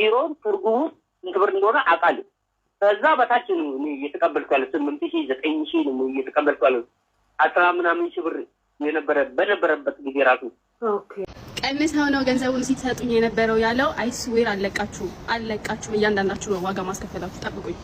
ዩሮን ትርጉሙ ንክብር እንደሆነ አውቃለሁ። ከዛ በታች ነው እየተቀበልኩ ያለ ስምንት ሺ ዘጠኝ ሺ ነው እየተቀበልኩ ያለ አስራ ምናምን ሺ ብር የነበረ በነበረበት ጊዜ ራሱ ቀንሰው ነው ገንዘቡን ሲሰጡኝ የነበረው ያለው። አይስዌር አለቃችሁ አለቃችሁ እያንዳንዳችሁ ነው ዋጋ ማስከፈላችሁ ጠብቁኝ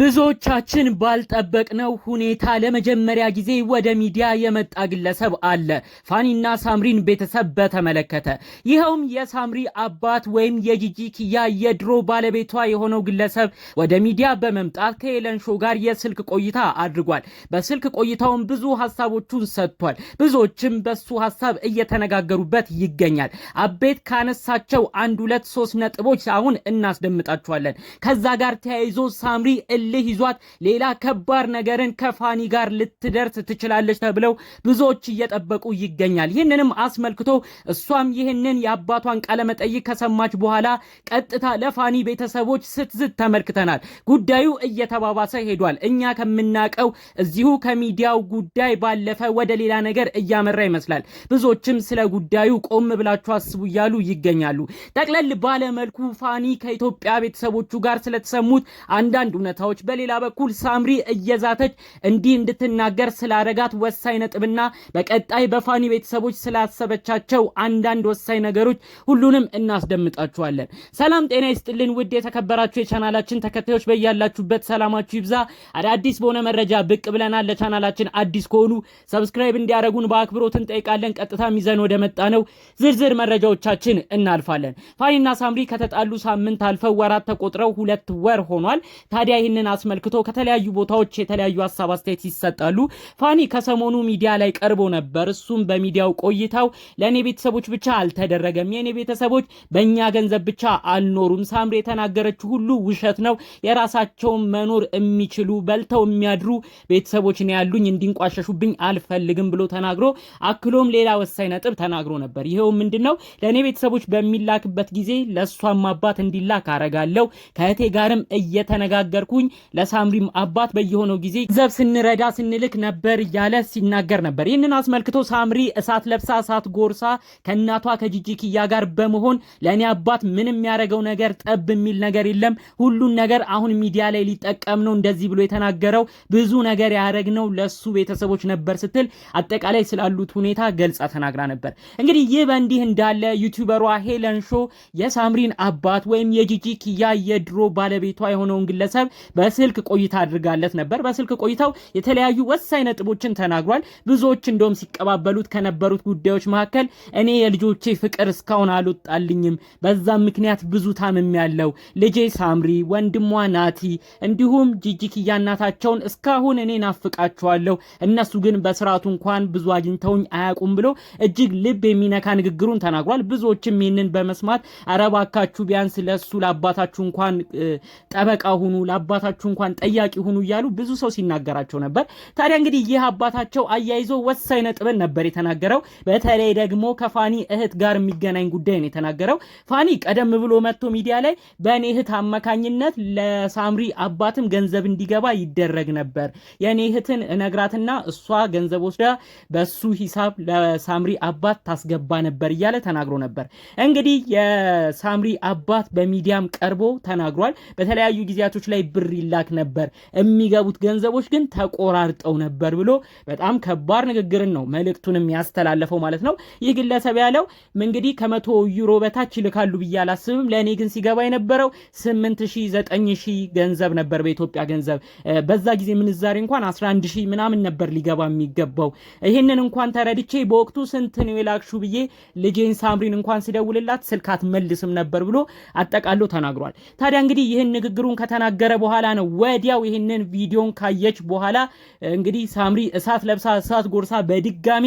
ብዙዎቻችን ባልጠበቅነው ሁኔታ ለመጀመሪያ ጊዜ ወደ ሚዲያ የመጣ ግለሰብ አለ። ፋኒና ሳምሪን ቤተሰብ በተመለከተ ይኸውም የሳምሪ አባት ወይም የጂጂ ኪያ የድሮ ባለቤቷ የሆነው ግለሰብ ወደ ሚዲያ በመምጣት ከኤለን ጋር የስልክ ቆይታ አድርጓል። በስልክ ቆይታውን ብዙ ሀሳቦቹን ሰጥቷል። ብዙዎችም በሱ ሀሳብ እየተነጋገሩበት ይገኛል። አቤት ካነሳቸው አንድ ሁለት ሶስት ነጥቦች አሁን እናስደምጣችኋለን። ከዛ ጋር ተያይዞ ሳምሪ እልህ ይዟት ሌላ ከባድ ነገርን ከፋኒ ጋር ልትደርስ ትችላለች ተብለው ብዙዎች እየጠበቁ ይገኛል። ይህንንም አስመልክቶ እሷም ይህንን የአባቷን ቃለመጠይቅ ከሰማች በኋላ ቀጥታ ለፋኒ ቤተሰቦች ስትዝት ተመልክተናል። ጉዳዩ እየተባባሰ ሄዷል። እኛ ከምናቀው እዚሁ ከሚዲያው ጉዳይ ባለፈ ወደ ሌላ ነገር እያመራ ይመስላል። ብዙዎችም ስለ ጉዳዩ ቆም ብላችሁ ብላችሁ አስቡ እያሉ ይገኛሉ። ጠቅለል ባለመልኩ ፋኒ ከኢትዮጵያ ቤተሰቦቹ ጋር ስለተሰሙት አንዳንድ እውነታዎች፣ በሌላ በኩል ሳምሪ እየዛተች እንዲህ እንድትናገር ስላረጋት ወሳኝ ነጥብና በቀጣይ በፋኒ ቤተሰቦች ስላሰበቻቸው አንዳንድ ወሳኝ ነገሮች ሁሉንም እናስደምጣችኋለን። ሰላም ጤና ይስጥልን ውድ የተከበራችሁ የቻናላችን ተከታዮች በያላችሁበት ሰላማችሁ ይብዛ። አዳዲስ በሆነ መረጃ ብቅ ብለናል። ለቻናላችን አዲስ ከሆኑ ሰብስክራይብ እንዲያደረጉን በአክብሮት እንጠይቃለን። ቀጥታ ሚዘን ወደ መጣ ነው ዝርዝር መረጃዎቻችን እናልፋለን። ፋኒና ሳምሪ ከተጣሉ ሳምንት አልፈው ወራት ተቆጥረው ሁለት ወር ሆኗል። ታዲያ ይህንን አስመልክቶ ከተለያዩ ቦታዎች የተለያዩ ሀሳብ አስተያየት ይሰጣሉ። ፋኒ ከሰሞኑ ሚዲያ ላይ ቀርቦ ነበር። እሱም በሚዲያው ቆይታው ለእኔ ቤተሰቦች ብቻ አልተደረገም፣ የእኔ ቤተሰቦች በእኛ ገንዘብ ብቻ አልኖሩም፣ ሳምሪ የተናገረችው ሁሉ ውሸት ነው፣ የራሳቸውን መኖር የሚችሉ በልተው የሚያድሩ ቤተሰቦች ነው ያሉኝ፣ እንዲንቋሸሹብኝ አልፈልግም ብሎ ተናግሮ አክሎም ሌላ ወሳኝ ነጥብ ተናግሮ ነበር። ይኸው ምንድን ነው። ለእኔ ቤተሰቦች በሚላክበት ጊዜ ለእሷም አባት እንዲላክ አረጋለሁ። ከእህቴ ጋርም እየተነጋገርኩኝ ለሳምሪም አባት በየሆነው ጊዜ ገንዘብ ስንረዳ ስንልክ ነበር እያለ ሲናገር ነበር። ይህንን አስመልክቶ ሳምሪ እሳት ለብሳ እሳት ጎርሳ ከእናቷ ከጂጂኪያ ጋር በመሆን ለእኔ አባት ምንም ያደረገው ነገር ጠብ የሚል ነገር የለም፣ ሁሉን ነገር አሁን ሚዲያ ላይ ሊጠቀም ነው እንደዚህ ብሎ የተናገረው ብዙ ነገር ያደረግነው ለሱ ቤተሰቦች ነበር ስትል አጠቃላይ ስላሉት ሁኔታ ገልጻ ተናግራ ነበር። እንግዲህ ይህ በእንዲህ እንዳለ ዩቲዩበሯ ሄለን ሾ የሳምሪን አባት ወይም የጂጂ ኪያ የድሮ ባለቤቷ የሆነውን ግለሰብ በስልክ ቆይታ አድርጋለት ነበር። በስልክ ቆይታው የተለያዩ ወሳኝ ነጥቦችን ተናግሯል። ብዙዎች እንደውም ሲቀባበሉት ከነበሩት ጉዳዮች መካከል እኔ የልጆቼ ፍቅር እስካሁን አልወጣልኝም፣ በዛም ምክንያት ብዙ ታምም ያለው ልጄ ሳምሪ፣ ወንድሟ ናቲ እንዲሁም ጂጂ ኪያ እናታቸውን እስካሁን እኔ ናፍቃቸዋለሁ፣ እነሱ ግን በስርዓቱ እንኳን ብዙ አግኝተውኝ አያውቁም ብሎ እጅግ ልብ የሚነካ ንግግሩን መሆኑን ተናግሯል። ብዙዎችም ይህንን በመስማት አረባካችሁ ቢያንስ ለሱ ለአባታችሁ እንኳን ጠበቃ ሁኑ፣ ለአባታችሁ እንኳን ጠያቂ ሁኑ እያሉ ብዙ ሰው ሲናገራቸው ነበር። ታዲያ እንግዲህ ይህ አባታቸው አያይዞ ወሳኝ ነጥብን ነበር የተናገረው። በተለይ ደግሞ ከፋኒ እህት ጋር የሚገናኝ ጉዳይ ነው የተናገረው። ፋኒ ቀደም ብሎ መጥቶ ሚዲያ ላይ በእኔ እህት አማካኝነት ለሳምሪ አባትም ገንዘብ እንዲገባ ይደረግ ነበር። የእኔ እህትን እነግራትና እሷ ገንዘብ ወስዳ በሱ ሂሳብ ለሳምሪ አባት ታስገባ ነበር እያ እያለ ተናግሮ ነበር። እንግዲህ የሳምሪ አባት በሚዲያም ቀርቦ ተናግሯል። በተለያዩ ጊዜያቶች ላይ ብር ይላክ ነበር፣ የሚገቡት ገንዘቦች ግን ተቆራርጠው ነበር ብሎ በጣም ከባድ ንግግርን ነው መልእክቱንም ያስተላለፈው ማለት ነው። ይህ ግለሰብ ያለው እንግዲህ ከመቶ ዩሮ በታች ይልካሉ ብዬ አላስብም፣ ለእኔ ግን ሲገባ የነበረው ስምንት ሺ ዘጠኝ ሺህ ገንዘብ ነበር በኢትዮጵያ ገንዘብ በዛ ጊዜ ምንዛሬ እንኳን 11 ሺህ ምናምን ነበር ሊገባ የሚገባው። ይህንን እንኳን ተረድቼ በወቅቱ ስንት ነው የላክሹ ብዬ ልጅ ጌን ሳምሪን እንኳን ስደውልላት ስልክ አትመልስም ነበር ብሎ አጠቃሎ ተናግሯል። ታዲያ እንግዲህ ይህን ንግግሩን ከተናገረ በኋላ ነው ወዲያው ይህንን ቪዲዮን ካየች በኋላ እንግዲህ ሳምሪ እሳት ለብሳ እሳት ጎርሳ በድጋሜ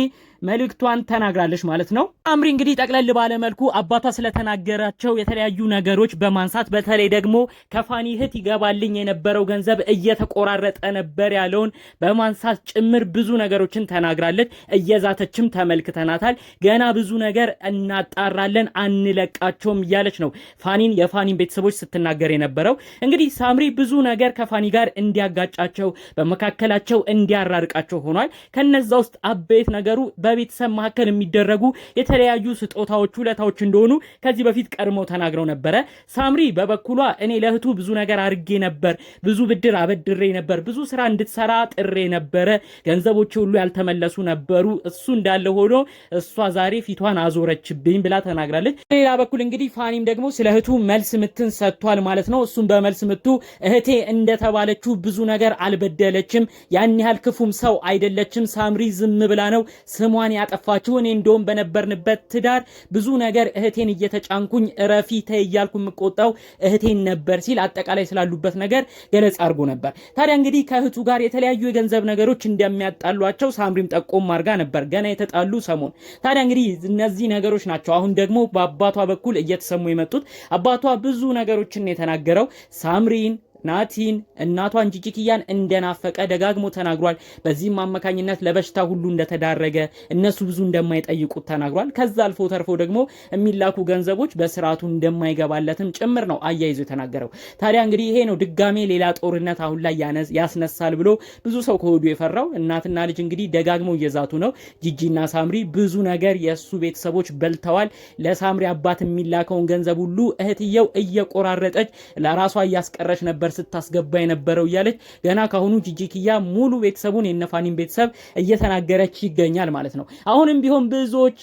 መልእክቷን ተናግራለች ማለት ነው። አምሪ እንግዲህ ጠቅለል ባለመልኩ አባቷ ስለተናገራቸው የተለያዩ ነገሮች በማንሳት በተለይ ደግሞ ከፋኒ እህት ይገባልኝ የነበረው ገንዘብ እየተቆራረጠ ነበር ያለውን በማንሳት ጭምር ብዙ ነገሮችን ተናግራለች። እየዛተችም ተመልክተናታል። ገና ብዙ ነገር እናጣራለን፣ አንለቃቸውም እያለች ነው ፋኒን የፋኒን ቤተሰቦች ስትናገር የነበረው። እንግዲህ ሳምሪ ብዙ ነገር ከፋኒ ጋር እንዲያጋጫቸው በመካከላቸው እንዲያራርቃቸው ሆኗል። ከነዛ ውስጥ አበይት ነገሩ በቤተሰብ መካከል የሚደረጉ የተለያዩ ስጦታዎች፣ ውለታዎች እንደሆኑ ከዚህ በፊት ቀድሞ ተናግረው ነበረ። ሳምሪ በበኩሏ እኔ ለእህቱ ብዙ ነገር አድርጌ ነበር፣ ብዙ ብድር አበድሬ ነበር፣ ብዙ ስራ እንድትሰራ ጥሬ ነበረ፣ ገንዘቦች ሁሉ ያልተመለሱ ነበሩ። እሱ እንዳለ ሆኖ እሷ ዛሬ ፊቷን አዞረ ዞረችብኝ ብላ ተናግራለች። በሌላ በኩል እንግዲህ ፋኒም ደግሞ ስለ እህቱ መልስ ምትን ሰጥቷል ማለት ነው። እሱም በመልስ ምቱ እህቴ እንደተባለችው ብዙ ነገር አልበደለችም፣ ያን ያህል ክፉም ሰው አይደለችም። ሳምሪ ዝም ብላ ነው ስሟን ያጠፋችው። እኔ እንደውም በነበርንበት ትዳር ብዙ ነገር እህቴን እየተጫንኩኝ እረፊ ተያልኩ የምቆጣው እህቴን ነበር ሲል አጠቃላይ ስላሉበት ነገር ገለጻ አድርጎ ነበር። ታዲያ እንግዲህ ከእህቱ ጋር የተለያዩ የገንዘብ ነገሮች እንደሚያጣሏቸው ሳምሪም ጠቆም አድርጋ ነበር። ገና የተጣሉ ሰሞን ታዲያ እንግዲህ እነዚህ ነገሮች ናቸው። አሁን ደግሞ በአባቷ በኩል እየተሰሙ የመጡት አባቷ ብዙ ነገሮችን የተናገረው ሳምሪን ናቲን እናቷን ጂጂክያን እንደናፈቀ ደጋግሞ ተናግሯል። በዚህም አማካኝነት ለበሽታ ሁሉ እንደተዳረገ እነሱ ብዙ እንደማይጠይቁት ተናግሯል። ከዛ አልፎ ተርፎ ደግሞ የሚላኩ ገንዘቦች በስርዓቱ እንደማይገባለትም ጭምር ነው አያይዞ የተናገረው። ታዲያ እንግዲህ ይሄ ነው ድጋሜ ሌላ ጦርነት አሁን ላይ ያስነሳል ብሎ ብዙ ሰው ከወዱ የፈራው። እናትና ልጅ እንግዲህ ደጋግመው እየዛቱ ነው። ጂጂና ሳምሪ ብዙ ነገር የእሱ ቤተሰቦች በልተዋል። ለሳምሪ አባት የሚላከውን ገንዘብ ሁሉ እህትየው እየቆራረጠች ለራሷ እያስቀረች ነበር ነበር ስታስገባ የነበረው እያለች ገና ካሁኑ ጅጅክያ ሙሉ ቤተሰቡን የነፋኒን ቤተሰብ እየተናገረች ይገኛል ማለት ነው። አሁንም ቢሆን ብዙዎች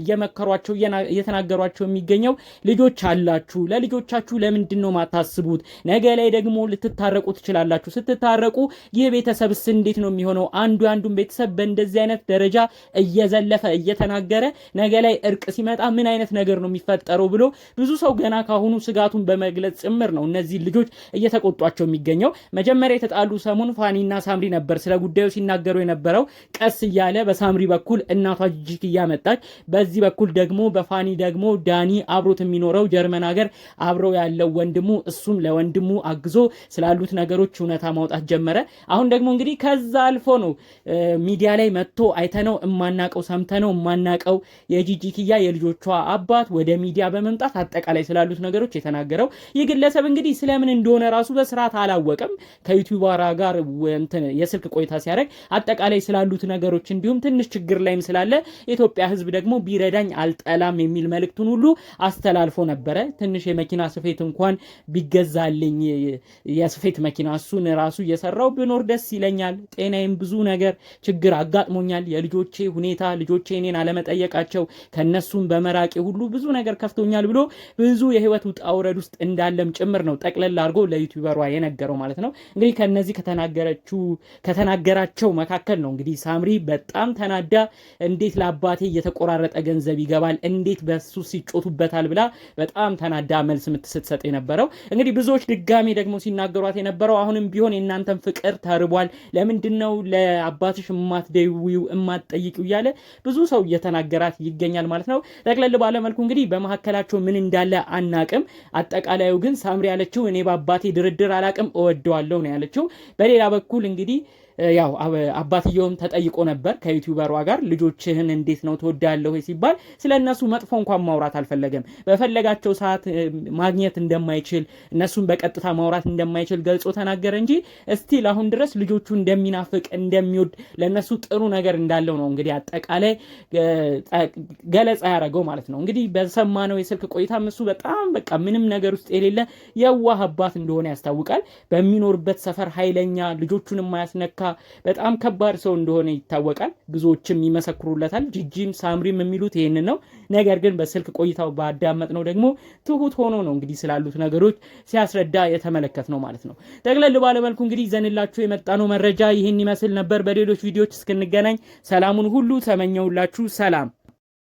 እየመከሯቸው እየተናገሯቸው የሚገኘው ልጆች አላችሁ፣ ለልጆቻችሁ ለምንድን ነው ማታስቡት? ነገ ላይ ደግሞ ልትታረቁ ትችላላችሁ። ስትታረቁ ይህ ቤተሰብስ እንዴት ነው የሚሆነው? አንዱ የአንዱን ቤተሰብ በእንደዚህ አይነት ደረጃ እየዘለፈ እየተናገረ ነገ ላይ እርቅ ሲመጣ ምን አይነት ነገር ነው የሚፈጠረው ብሎ ብዙ ሰው ገና ካሁኑ ስጋቱን በመግለጽ ጭምር ነው እነዚህ ልጆች እየተቆ እየተቆጧቸው የሚገኘው። መጀመሪያ የተጣሉ ሰሞን ፋኒና ሳምሪ ነበር ስለ ጉዳዩ ሲናገሩ የነበረው። ቀስ እያለ በሳምሪ በኩል እናቷ ጅጅክ እያመጣች፣ በዚህ በኩል ደግሞ በፋኒ ደግሞ ዳኒ አብሮት የሚኖረው ጀርመን ሀገር አብረው ያለው ወንድሙ እሱም ለወንድሙ አግዞ ስላሉት ነገሮች እውነታ ማውጣት ጀመረ። አሁን ደግሞ እንግዲህ ከዛ አልፎ ነው ሚዲያ ላይ መጥቶ አይተነው እማናቀው ሰምተነው እማናቀው የጂጂ የልጆቿ አባት ወደ ሚዲያ በመምጣት አጠቃላይ ስላሉት ነገሮች የተናገረው። ይህ ግለሰብ እንግዲህ ስለምን እንደሆነ ራሱ በስርዓት አላወቀም። ከዩቲዩበራ ጋር የስልክ ቆይታ ሲያደርግ አጠቃላይ ስላሉት ነገሮች እንዲሁም ትንሽ ችግር ላይም ስላለ የኢትዮጵያ ህዝብ ደግሞ ቢረዳኝ አልጠላም የሚል መልእክቱን ሁሉ አስተላልፎ ነበረ። ትንሽ የመኪና ስፌት እንኳን ቢገዛልኝ የስፌት መኪና እሱን ራሱ እየሰራው ብኖር ደስ ይለኛል። ጤናዬም ብዙ ነገር ችግር አጋጥሞኛል። የልጆቼ ሁኔታ ልጆቼ እኔን አለመጠየቃቸው ከነሱም በመራቄ ሁሉ ብዙ ነገር ከፍቶኛል ብሎ ብዙ የህይወት ውጣ ውረድ ውስጥ እንዳለም ጭምር ነው ጠቅለል አድርጎ ለዩቲዩበር በከንፈሯ የነገረው ማለት ነው። እንግዲህ ከነዚህ ከተናገረችው ከተናገራቸው መካከል ነው እንግዲህ ሳምሪ በጣም ተናዳ እንዴት ለአባቴ እየተቆራረጠ ገንዘብ ይገባል፣ እንዴት በሱ ሲጮቱበታል ብላ በጣም ተናዳ መልስ ስትሰጥ የነበረው እንግዲህ ብዙዎች ድጋሜ ደግሞ ሲናገሯት የነበረው አሁንም ቢሆን የእናንተን ፍቅር ተርቧል፣ ለምንድን ነው ለአባትሽ እማትደውይው እማትጠይቂው እያለ ብዙ ሰው እየተናገራት ይገኛል ማለት ነው። ጠቅለል ባለመልኩ እንግዲህ በመካከላቸው ምን እንዳለ አናቅም። አጠቃላዩ ግን ሳምሪ ያለችው እኔ በአባቴ ድርድ ድርድር አላቅም እወደዋለሁ ነው ያለችው። በሌላ በኩል እንግዲህ ያው አባትየውም ተጠይቆ ነበር ከዩቲዩበሯ ጋር ልጆችህን እንዴት ነው ትወዳለሁ ሲባል ስለ እነሱ መጥፎ እንኳን ማውራት አልፈለገም። በፈለጋቸው ሰዓት ማግኘት እንደማይችል እነሱን በቀጥታ ማውራት እንደማይችል ገልጾ ተናገረ እንጂ እስቲል አሁን ድረስ ልጆቹ እንደሚናፍቅ እንደሚወድ፣ ለእነሱ ጥሩ ነገር እንዳለው ነው እንግዲህ አጠቃላይ ገለጻ ያደረገው ማለት ነው። እንግዲህ በሰማነው የስልክ ቆይታ እሱ በጣም በቃ ምንም ነገር ውስጥ የሌለ የዋህ አባት እንደሆነ ያስታውቃል። በሚኖርበት ሰፈር ኃይለኛ ልጆቹን የማያስነካ በጣም ከባድ ሰው እንደሆነ ይታወቃል። ብዙዎችም ይመሰክሩለታል። ጂጂም ሳምሪም የሚሉት ይህንን ነው። ነገር ግን በስልክ ቆይታው ባዳመጥ ነው ደግሞ ትሁት ሆኖ ነው እንግዲህ ስላሉት ነገሮች ሲያስረዳ የተመለከት ነው ማለት ነው። ጠቅለል ባለመልኩ እንግዲህ ዘንላችሁ የመጣ ነው መረጃ ይህን ይመስል ነበር። በሌሎች ቪዲዮዎች እስክንገናኝ ሰላሙን ሁሉ ተመኘውላችሁ። ሰላም